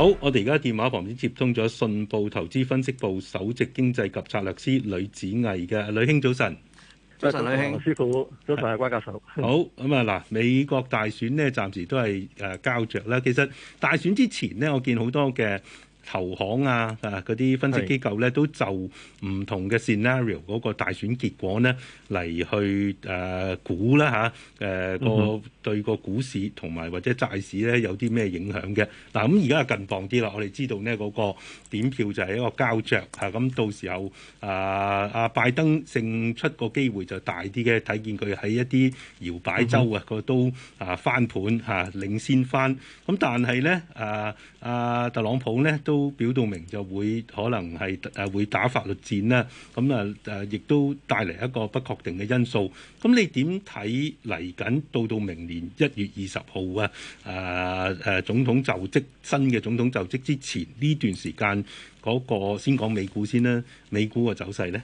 好，我哋而家電話旁邊接通咗信報投資分析部首席經濟及策略師呂梓毅嘅，呂兄早晨。早晨，呂兄，師傅，早晨，係關教授。好，咁啊嗱，美國大選呢，暫時都係誒膠着啦。其實大選之前呢，我見好多嘅。投行啊，啊嗰啲分析機構咧，都就唔同嘅 scenario 嗰個大選結果呢嚟去誒、呃、估啦嚇誒個對個股市同埋或者債市咧有啲咩影響嘅。嗱，咁而家近磅啲啦，我哋知道呢嗰、嗰個點票就係一個膠着。嚇、啊，咁到時候啊啊拜登勝出個機會就大啲嘅。睇見佢喺一啲搖擺州、嗯、啊，佢都啊翻盤嚇、啊、領先翻。咁、啊、但係呢，啊啊特朗普呢。都表到明就會可能係誒會打法律戰啦，咁啊誒亦都帶嚟一個不確定嘅因素。咁你點睇嚟緊到到明年一月二十號啊？誒、啊、誒，總統就職新嘅總統就職之前呢段時間嗰個先講美股先啦，美股嘅走勢呢？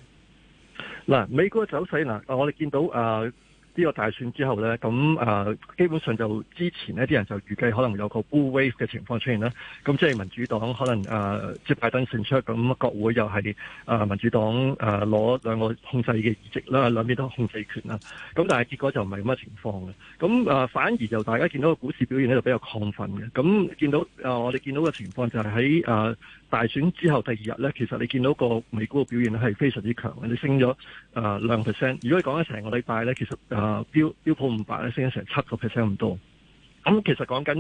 嗱，美股嘅走勢嗱，我哋見到誒。呃呢、這個大選之後呢，咁誒、呃、基本上就之前呢啲人就預計可能有個 Blue Wave 嘅情況出現啦。咁即係民主黨可能誒、呃、接拜登勝出，咁國會又係誒、呃、民主黨誒攞、呃、兩個控制嘅議席啦，兩邊都控制權啦。咁但係結果就唔係咁嘅情況嘅。咁誒、呃、反而就大家見到個股市表現咧就比較亢奮嘅。咁見到誒、呃、我哋見到嘅情況就係喺誒。呃大選之後第二日呢，其實你見到個美股嘅表現咧係非常之強嘅，你升咗啊兩 percent。如果你講咗成個禮拜呢，其實啊標、呃、標普五百呢，升咗成七個 percent 咁多。咁、嗯、其實講緊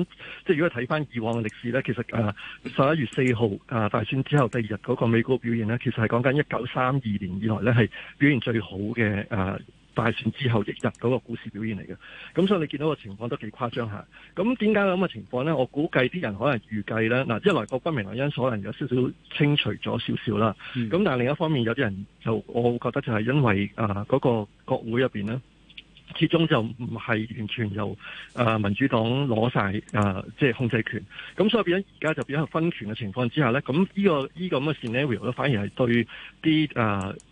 即係、就是、如果睇翻以往嘅歷史呢，其實啊十一月四號啊大選之後第二日嗰個美股嘅表現呢，其實係講緊一九三二年以來呢，係表現最好嘅啊。呃大選之後一日嗰個股市表現嚟嘅，咁所以你見到個情況都幾誇張吓。咁點解咁嘅情況呢？我估計啲人可能預計呢，嗱一來個不明原因可能有少少清除咗少少啦。咁、嗯、但係另一方面，有啲人就我覺得就係因為啊嗰、嗰個國會入面呢，始終就唔係完全由啊民主黨攞晒，啊即係、即係、控制權。咁所以變咗而家就變咗個分權嘅情況之下呢。咁呢、呢個呢、呢個咁嘅 scenario 反而係對啲啊～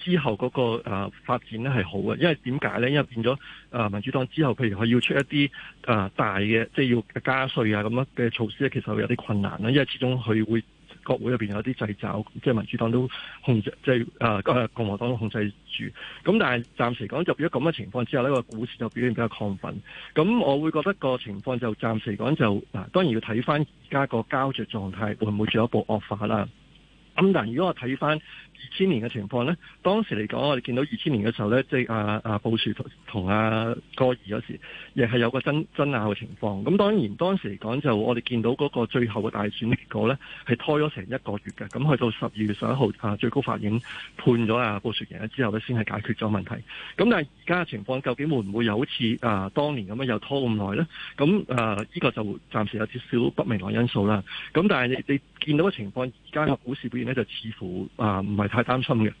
之後嗰個誒發展咧係好嘅，因為點解咧？因為變咗誒民主黨之後，譬如佢要出一啲誒大嘅，即係要加稅啊咁樣嘅措施咧，其實會有啲困難啦。因為始終佢會國會入面有啲掣肘，即係民主黨都控制，即係誒共和黨都控制住。咁但係暫時嚟講，就變咗咁嘅情況之下呢個股市就表現比較亢奮。咁我會覺得個情況就暫時嚟講就嗱，當然要睇翻而家個膠着狀態會唔會進一步惡化啦。咁但係如果我睇翻，二千年嘅情況呢，當時嚟講，我哋見到二千年嘅時候呢，即係啊啊布殊同阿戈爾有時亦係有個爭爭拗嘅情況。咁當然當時嚟講，就我哋見到嗰個最後嘅大選結果呢，係拖咗成一個月嘅。咁去到十二月十一號啊最高法院判咗啊布殊贏咗之後呢，先係解決咗問題。咁但係而家嘅情況究竟會唔會又好似啊當年咁樣又拖咁耐呢？咁啊呢個就暫時有少少不明朗因素啦。咁但係你你見到嘅情況，而家嘅股市表現呢，就似乎啊唔係，不是太擔心嘅，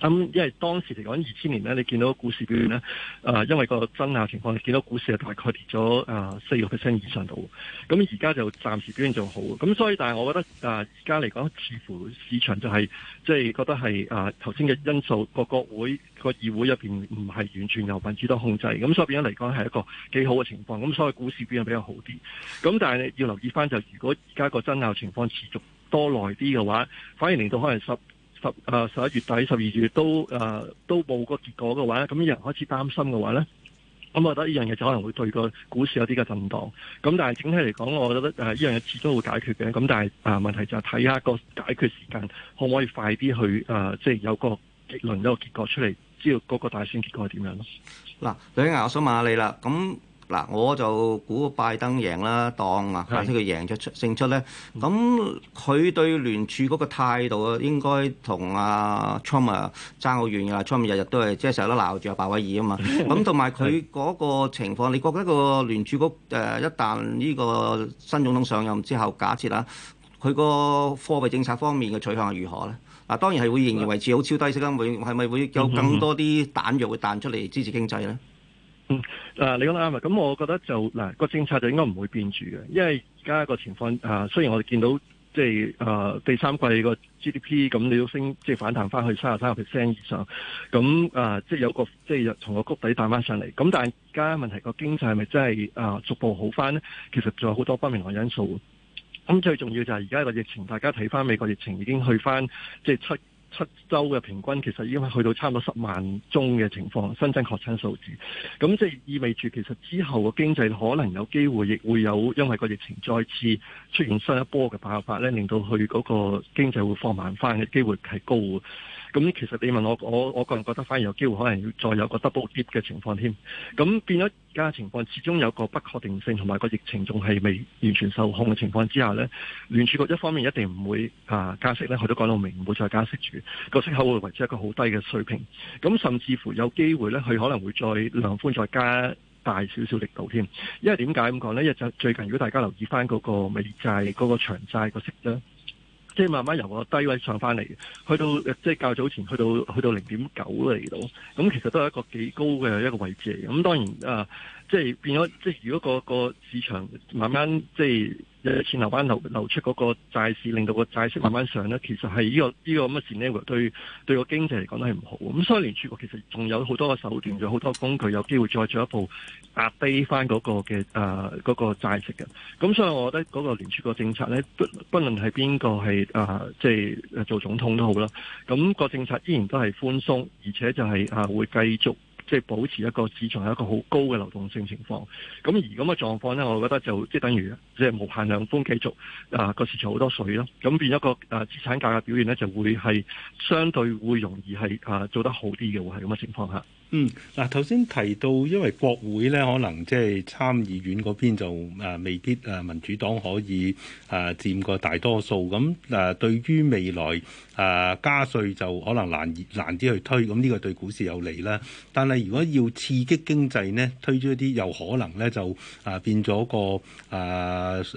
咁、嗯、因為當時嚟講，二千年呢你見到股市表現呢，呃、因為個爭拗情況，你見到股市係大概跌咗四個 percent 以上度。咁而家就暫時表現就好，咁、嗯、所以但係我覺得而家嚟講，似乎市場就係即係覺得係頭先嘅因素，個國會個議會入面唔係完全由民主黨控制，咁、嗯、所以變咗嚟講係一個幾好嘅情況，咁、嗯、所以股市表現比較好啲。咁、嗯、但係你要留意翻就，如果而家個爭拗情況持續多耐啲嘅話，反而令到可能十十、呃、十一月底、十二月都啊、呃、都冇個結果嘅話咧，咁有人開始擔心嘅話咧，咁我覺得呢樣嘢就可能會對個股市有啲嘅震盪。咁但係整體嚟講，我覺得誒呢樣嘢始終會解決嘅。咁但係啊、呃、問題就係睇下個解決時間可唔可以快啲去即係、呃就是、有個結論一個結果出嚟，知道嗰個大選結果係點樣咯。嗱、呃，梓毅、呃、我想問下你啦，咁。嗱，我就估拜登贏啦，當啊，拜登佢贏咗出勝出咧。咁佢對聯儲局嘅態度啊，應該同阿 Trump 啊爭好遠㗎啦。Trump 日日都係即係成日都鬧住阿鮑威爾啊嘛。咁同埋佢嗰個情況，你覺得個聯儲局誒一旦呢個新總統上任之後，假設啊，佢個貨幣政策方面嘅取向係如何咧？嗱，當然係會仍然維持好超低息啦。會係咪會有更多啲彈藥會彈出嚟支持經濟咧？嗯，嗱，你講得啱啊！咁我覺得就嗱個政策就應該唔會變住嘅，因為而家個情況啊，雖然我哋見到即係啊第三季個 GDP 咁你都升，即係反彈翻去三十三個 percent 以上，咁啊即係有個即係從個谷底彈翻上嚟。咁但係而家問題個經濟係咪真係啊逐步好翻呢？其實仲有好多不明朗因素。咁最重要就係而家個疫情，大家睇翻美國疫情已經去翻即係七七周嘅平均，其實已經去到差唔多十萬宗嘅情況，新增確診數字。咁即係意味住，其實之後嘅經濟可能有機會，亦會有因為個疫情再次出現新一波嘅爆發呢，令到佢嗰個經濟會放慢翻嘅機會係高嘅。咁其實你問我，我我個人覺得反而有機會可能要再有個 double dip 嘅情況添。咁變咗而家情況，始終有個不確定性，同埋個疫情仲係未完全受控嘅情況之下呢，聯儲局一方面一定唔會啊加息呢，佢都講到明，唔會再加息住，個息口會維持一個好低嘅水平。咁甚至乎有機會呢，佢可能會再量寬再加大少少力度添。因為點解咁講呢？一就最近如果大家留意翻嗰個美債嗰個長債個息呢即係慢慢由個低位上翻嚟，去到即係較早前去到去到零點九嚟到，咁其實都係一個幾高嘅一個位置嚟嘅，咁當然，呃即係變咗，即係如果個個市場慢慢即係有錢流翻流流出嗰個債市，令到個債息慢慢上咧，其實係呢、呢個呢、呢個咁嘅事咧，對對個經濟嚟講都係唔好。咁所以聯儲局其實仲有好多嘅手段，有好多工具，有機會再進一步壓低翻、嗰、嗰個嘅嗰、啊嗰個債息嘅。咁所以我覺得嗰個聯儲局政策咧，不不論係邊個係即係做總統都好啦，咁、嗰個政策依然都係寬鬆，而且就係、係、啊會繼續。即係保持一個市場係一個好高嘅流動性情況，咁而咁嘅狀況咧，我覺得就即係等於即係無限量風，繼續啊個市場好多水咯，咁變一個啊資產價格嘅表現咧，就會係相對會容易係啊做得好啲嘅，會係咁嘅情況下。嗯，嗱，頭先提到，因為國會咧，可能即係參議院嗰邊就誒未必誒民主黨可以誒佔個大多數，咁誒對於未來誒加稅就可能難難啲去推，咁呢個對股市有利啦。但係如果要刺激經濟咧，推出一啲有可能咧就誒變咗個誒誒、啊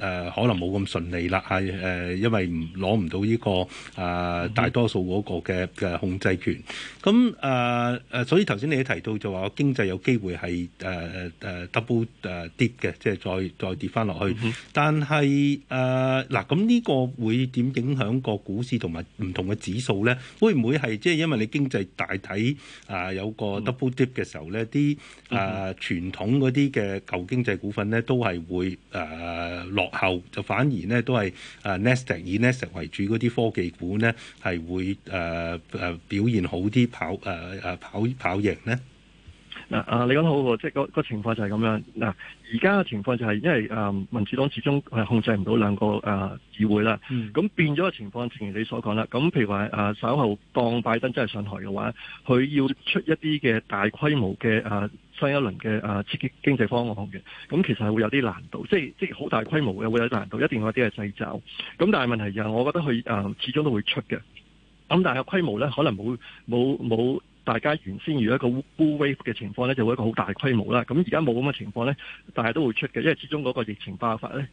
啊、可能冇咁順利啦，係誒因為唔攞唔到呢、這個誒、啊、大多數嗰個嘅嘅控制權，咁誒誒所以頭先你。你提到就話個經濟有機會係誒、uh, uh, double 誒跌嘅，即、就、係、是、再再跌翻落去。Mm -hmm. 但係誒嗱，咁、uh, 呢個會點影響個股市同埋唔同嘅指數咧？會唔會係即係因為你經濟大體啊、uh, 有個 double dip 嘅時候咧，啲、mm、誒 -hmm. uh, 傳統嗰啲嘅舊經濟股份咧都係會誒、uh, 落後，就反而咧都係誒 NASDAQ 以 NASDAQ 為主嗰啲科技股咧係會誒、uh, uh, 表現好啲跑誒、uh, 跑跑贏。嗱、嗯、啊，你講得好喎，即係、就是、個情況就係咁樣。嗱，而家嘅情況就係因為啊，民主黨始終係控制唔到兩個啊議會啦。咁、嗯、變咗嘅情況正如你所講啦。咁譬如話啊，稍後當拜登真係上台嘅話，佢要出一啲嘅大規模嘅啊新一輪嘅啊刺激經濟方案嘅。咁其實係會有啲難度，即係即係好大規模嘅會有難度，一定有啲係掣肘。咁但係問題就係，我覺得佢啊始終都會出嘅。咁但係規模咧，可能冇冇冇。大家原先如果個 Blue Wave 嘅情況咧，就會一個好大規模啦。咁而家冇咁嘅情況咧，但係都會出嘅，因為始終嗰個疫情爆發咧，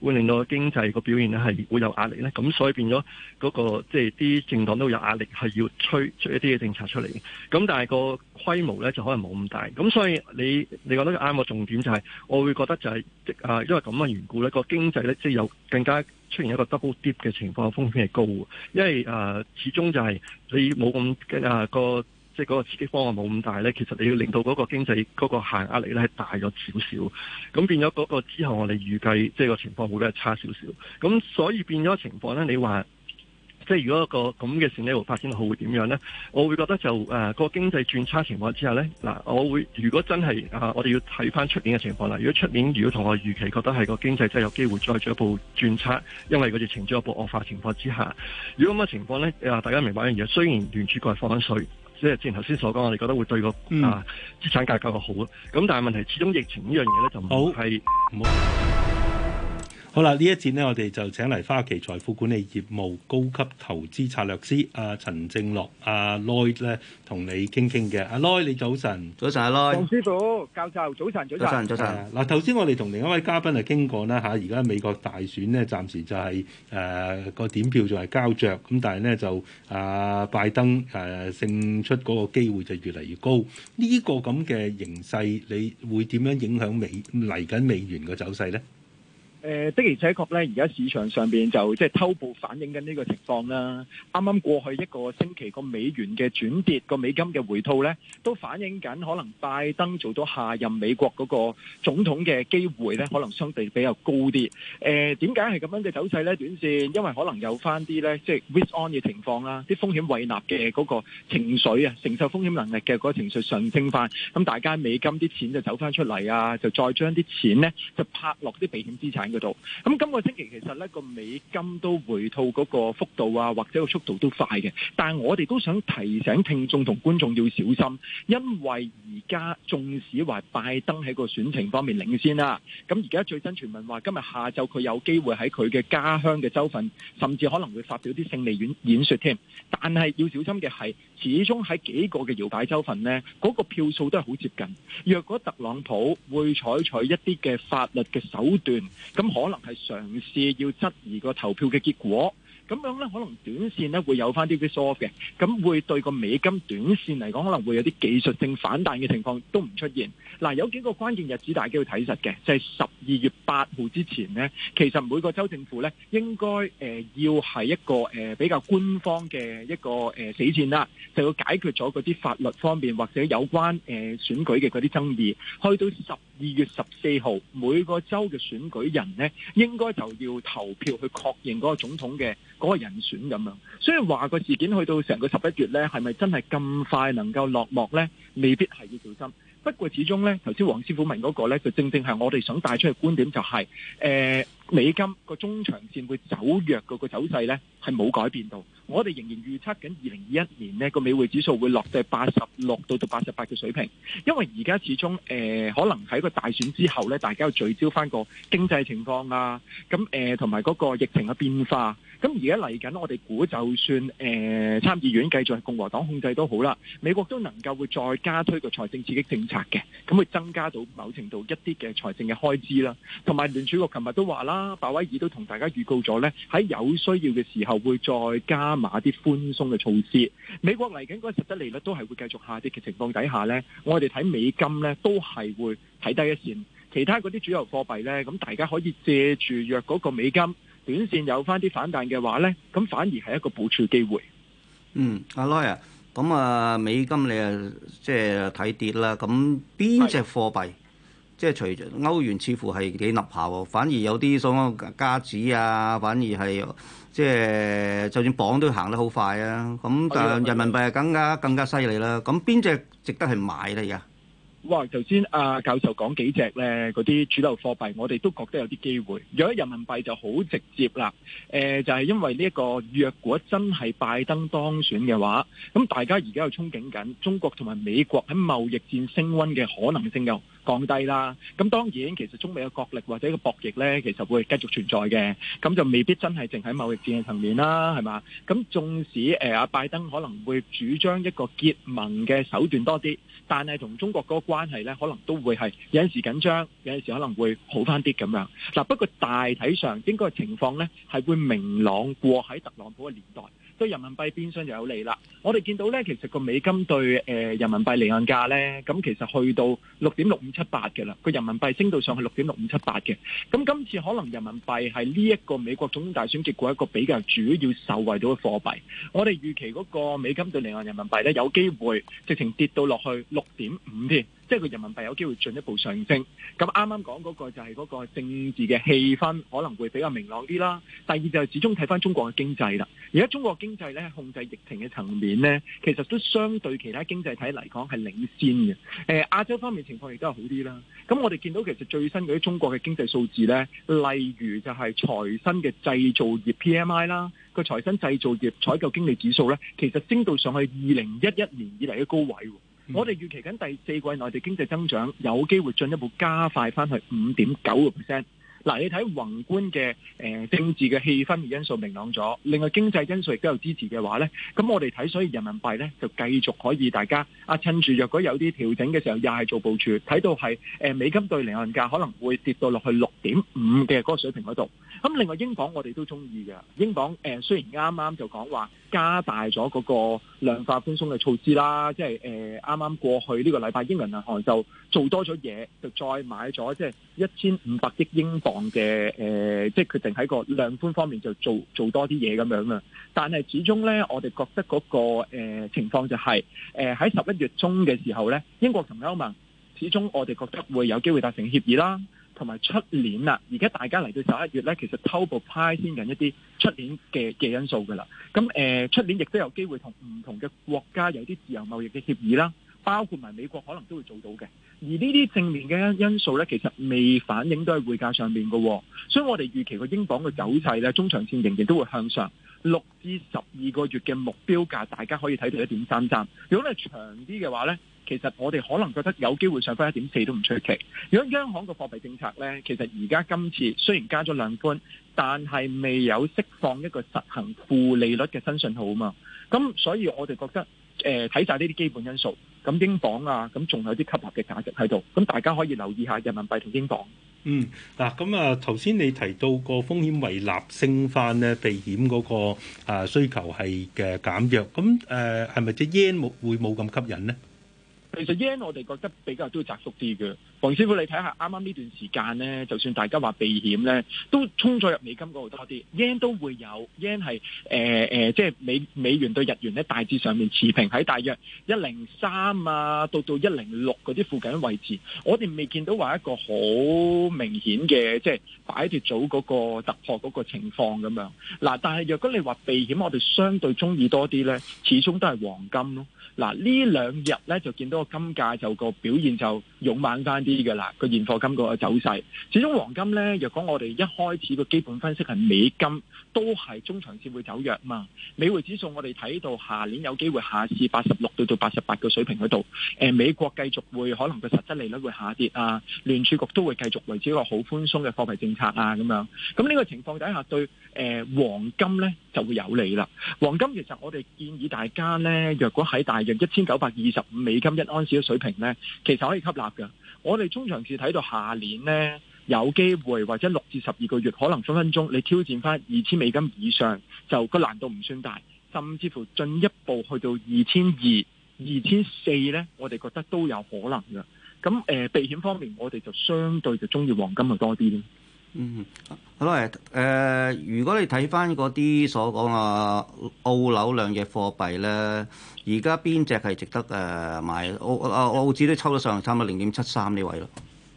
會令到經濟個表現咧係會有壓力咧。咁所以變咗嗰個即係啲政黨都有壓力，係要推出一啲嘅政策出嚟嘅。咁但係個規模咧就可能冇咁大。咁所以你你覺得啱嘅重點就係，我會覺得就係即啊，因為咁嘅緣故咧，個經濟咧即係有更加。出現一個 double dip 嘅情況，風險係高嘅，因為誒、呃、始終就係你冇咁誒個即係嗰個刺激方案冇咁大咧，其實你要令到嗰個經濟嗰、嗰個限壓力咧係大咗少少，咁變咗嗰個之後我哋預計即係、就是、個情況會比較差少少，咁所以變咗情況咧，你話？即係如果個咁嘅事咧會發展好會點樣呢？我會覺得就誒、呃、那個經濟轉差情況之下呢，嗱，我會如果真係啊、呃，我哋要睇翻出年嘅情況啦。如果出年如果同我預期覺得係個經濟真係有機會再進一步轉差，因為佢哋情進一步惡化情況之下。如果咁嘅情況呢、呃，大家明白一樣嘢，雖然聯儲局係放緊水，即係之前頭先所講，我哋覺得會對、那個、嗯、啊資產價格好咁，但係問題始終疫情呢樣嘢呢，就唔好。好啦，呢一節呢，我哋就請嚟花旗財富管理業務高級投資策略師阿、啊、陳正犖阿 Lloyd 咧，同、啊、你傾傾嘅。阿、啊、Lloyd，你早晨。早晨，阿 Lloyd。黃師傅，教授，早晨，早晨。早晨，啊、早晨。嗱，頭、啊、先我哋同另一位嘉賓嚟傾過啦嚇，而、啊、家美國大選呢，暫時就係誒個點票就係膠着。咁但係呢，就啊拜登誒、啊、勝出嗰個機會就越嚟越高。呢、這個咁嘅形勢，你會點樣影響美嚟緊美元嘅走勢呢？誒、呃、的而且確咧，而家市場上邊就即係、就是、偷步反映緊呢個情況啦。啱啱過去一個星期個美元嘅轉跌，個美金嘅回吐咧，都反映緊可能拜登做咗下任美國嗰個總統嘅機會咧，可能相對比較高啲。誒點解係咁樣嘅走勢咧？短線因為可能有翻啲咧，即、就、係、是、risk on 嘅情況啦，啲風險胃納嘅嗰個情緒啊，承受風險能力嘅嗰個情緒上升翻，咁大家美金啲錢就走翻出嚟啊，就再將啲錢咧就拍落啲避險資產。度、嗯，咁今個星期其實呢個美金都回吐嗰個幅度啊，或者個速度都快嘅，但係我哋都想提醒聽眾同觀眾要小心，因為而家縱使話拜登喺個選情方面領先啦、啊，咁而家最新傳聞話今日下晝佢有機會喺佢嘅家鄉嘅州份，甚至可能會發表啲勝利演演說添，但係要小心嘅係始終喺幾個嘅搖擺州份呢，嗰、那個票數都係好接近，若果特朗普會採取一啲嘅法律嘅手段、嗯咁、嗯、可能係嘗試要質疑個投票嘅結果，咁樣咧可能短線呢會有翻啲啲收嘅，咁會對個美金短線嚟講可能會有啲技術性反彈嘅情況都唔出現。嗱，有幾個關鍵日子，大家要睇實嘅，就係十二月八號之前呢，其實每個州政府呢應該、呃、要係一個、呃、比較官方嘅一個、呃、死線啦，就要解決咗嗰啲法律方面或者有關、呃、選舉嘅嗰啲爭議，去到十二月十四號每個州嘅選舉人呢，應該就要投票去確認嗰個總統嘅嗰個人選咁樣，所以話個事件去到成個十一月呢，係咪真係咁快能夠落幕呢？未必，係要小心。不過始終呢，頭先黃師傅問嗰個呢，就正正係我哋想帶出嘅觀點，就係，就、欸、係美金個中長線會走弱嗰個走勢咧，係冇改變到。我哋仍然預測緊二零二一年呢個美匯指數會落至八十六,落到八十六到到八十八嘅水平，因為而家始終誒、呃、可能喺個大選之後咧，大家要聚焦翻個經濟情況啊，咁誒同埋嗰個疫情嘅變化。咁而家嚟緊，我哋估就算誒呃、參議院繼續係共和黨控制都好啦，美國都能夠會再加推個財政刺激政策嘅，咁會增加到某程度一啲嘅財政嘅開支啦。同埋聯儲局琴日都話啦。啊，鮑威爾都同大家預告咗呢，喺有需要嘅時候會再加碼啲寬鬆嘅措施。美國嚟緊嗰個實質利率都係會繼續下跌嘅情況底下呢，我哋睇美金呢都係會睇低一線，其他嗰啲主流貨幣呢，咁大家可以借住若嗰個美金短線有翻啲反彈嘅話呢，咁反而係一個補倉機會。嗯，阿 Lawyer，咁啊，阿美金你啊即係睇跌啦，咁邊隻貨幣？即係隨住歐元似乎係幾立下喎，反而有啲所講家子啊，反而係即係就算綁都行得好快啊！咁但係人民幣係更加更加犀利啦。咁邊隻值得去買咧？而家哇，頭先阿教授講幾隻咧，嗰啲主流貨幣，我哋都覺得有啲機會。如果人民幣就好直接啦。誒，就係因為呢一個，若果真係拜登當選嘅話，咁大家而家要憧憬緊中國同埋美國喺貿易戰升溫嘅可能性又？降低啦，咁當然其實中美嘅角力或者個博弈呢，其實會繼續存在嘅，咁就未必真係淨喺貿易戰嘅層面啦，係嘛？咁縱使阿、呃、拜登可能會主張一個結盟嘅手段多啲，但係同中國嗰個關係呢，可能都會係有陣時緊張，有陣時可能會好翻啲咁樣。嗱，不過大體上應該情況呢，係會明朗過喺特朗普嘅年代。對人民幣變相就有利啦。我哋見到呢，其實個美金對誒人民幣離岸價呢，咁其實去到六點六五七八嘅啦。個人民幣升到上去六點六五七八嘅。咁今次可能人民幣係呢一個美國總統大選結果一個比較主要受惠到嘅貨幣。我哋預期嗰個美金對離岸人民幣呢，有機會直情跌到落去六點五添。即係佢人民幣有機會進一步上升。咁啱啱講嗰個就係嗰個政治嘅氣氛可能會比較明朗啲啦。第二就係始終睇翻中國嘅經濟啦。而家中國經濟咧控制疫情嘅層面咧，其實都相對其他經濟體嚟講係領先嘅。誒、呃、亞洲方面情況亦都係好啲啦。咁我哋見到其實最新嗰啲中國嘅經濟數字咧，例如就係財新嘅製造業 PMI 啦，個財新製造業採購經理指數咧，其實升到上去二零一一年以嚟嘅高位。嗯、我哋預期緊第四季內地經濟增長有機會進一步加快翻去五點九個 percent。嗱、啊，你睇宏觀嘅、呃、政治嘅氣氛因素明朗咗，另外經濟因素亦都有支持嘅話咧，咁我哋睇所以人民幣咧就繼續可以大家啊趁住，若果有啲調整嘅時候，又係做部署。睇到係、呃、美金對離岸價可能會跌到落去六點五嘅嗰個水平嗰度。咁另外英鎊我哋都中意嘅，英鎊誒、呃、雖然啱啱就講話。加大咗嗰個量化寬鬆嘅措施啦，即係啱啱過去呢個禮拜，英倫銀行就做多咗嘢，就再買咗即係一千五百億英鎊嘅、呃、即係決定喺個量寬方面就做做多啲嘢咁樣啦。但係始終呢，我哋覺得嗰、個、呃、情況就係誒喺十一月中嘅時候呢，英國同歐盟始終我哋覺得會有機會達成協議啦。同埋出年啦，而家大家嚟到十一月呢，其實偷步派先緊一啲出年嘅嘅因素噶啦。咁誒出年亦都有機會同唔同嘅國家有啲自由貿易嘅協議啦，包括埋美國可能都會做到嘅。而呢啲正面嘅因素呢，其實未反映都喺匯價上面嘅、哦，所以我哋預期個英鎊嘅走勢呢，中長線仍然都會向上。六至十二個月嘅目標價，大家可以睇到一點三三。如果你長啲嘅話呢，其實我哋可能覺得有機會上翻一點四都唔出奇。如果央行個貨幣政策呢，其實而家今次雖然加咗量寬，但係未有釋放一個實行負利率嘅新信號啊。嘛，咁所以我哋覺得誒睇晒呢啲基本因素，咁英鎊啊，咁仲有啲吸納嘅價值喺度。咁大家可以留意下人民幣同英鎊。嗯嗱，咁啊，頭先你提到個風險胃納升翻呢，避險嗰個啊需求係嘅減弱，咁誒係咪隻 yen 冇，會冇咁吸引呢？其實 yen 我哋覺得比較都要窄縮啲嘅。黃師傅你，你睇下啱啱呢段時間咧，就算大家話避險咧，都衝咗入美金嗰度多啲。yen 都會有 yen 係誒誒即係美美元對日元咧，大致上面持平，喺大約一零三啊到到一零六嗰啲附近嘅位置。我哋未見到話一個好明顯嘅即係擺脫組嗰個突破嗰個情況咁樣。嗱，但係若果你話避險，我哋相對中意多啲咧，始終都係黃金咯。嗱，呢兩日咧就見到個金價就個表現就勇猛翻啲。啲噶啦，個現貨金個走勢，始終黃金咧，若果我哋一開始個基本分析係美金，都係中長線會走弱嘛。美匯指數我哋睇到下年有機會下試八十六到到八十八個水平嗰度。誒、呃，美國繼續會可能個實質利率會下跌啊，聯儲局都會繼續維持一個好寬鬆嘅貨幣政策啊，咁樣，咁呢個情況底下對誒、呃、黃金咧就會有利啦。黃金其實我哋建議大家咧，若果喺大約一千九百二十五美金一安士嘅水平咧，其實可以吸納噶。我哋中長期睇到下年呢，有機會或者六至十二個月，可能分分鐘你挑戰返二千美金以上，就個難度唔算大，甚至乎進一步去到二千二、二千四呢，我哋覺得都有可能㗎。咁誒、呃，避險方面，我哋就相對就中意黃金就多啲。嗯，好啦，誒、呃，如果你睇翻嗰啲所講啊、呃，澳樓量嘅貨幣咧，而家邊隻係值得誒買？澳啊，澳紙都抽得上，差唔多零點七三呢位咯。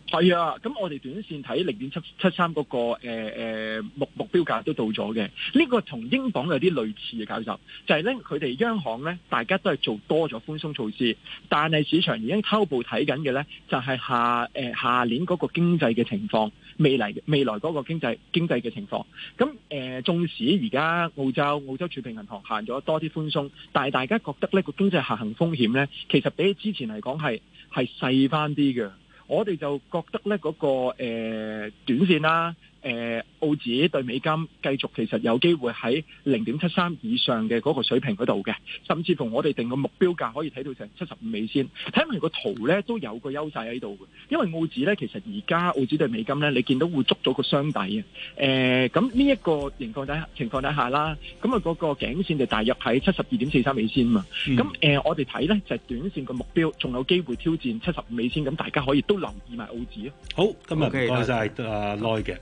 係啊，咁我哋短線睇零點七七三嗰個誒誒、呃、目目標價都到咗嘅。呢、這個同英鎊有啲類似嘅教授就係咧，佢哋央行咧，大家都係做多咗寬鬆措施，但係市場已經偷步睇緊嘅咧，就係、是、下誒下、呃、年嗰個經濟嘅情況，未來未來嗰個經濟經濟嘅情況。咁誒，縱、呃、使而家澳洲澳洲儲備銀行行咗多啲寬鬆，但係大家覺得呢、那個經濟下行風險咧，其實比起之前嚟講係係細翻啲嘅。我哋就覺得咧，嗰、那個誒、呃、短線啦。誒，澳紙對美金繼續其實有機會喺零點七三以上嘅嗰個水平嗰度嘅，甚至乎我哋定個目標價可以睇到成七十五美仙。睇埋個圖咧都有個優勢喺度嘅，因為澳紙咧其實而家澳紙對美金咧，你見到會捉咗個雙底啊。誒、呃，咁呢一個情況底下情況底下啦，咁啊嗰個頸線就大約喺七十二點四三美仙啊嘛。咁、嗯、誒，我哋睇咧就係，短線嘅目標仲有機會挑戰七十五美仙，咁大家可以都留意埋澳紙啊。好，今日多謝阿毅嘅。謝謝 uh,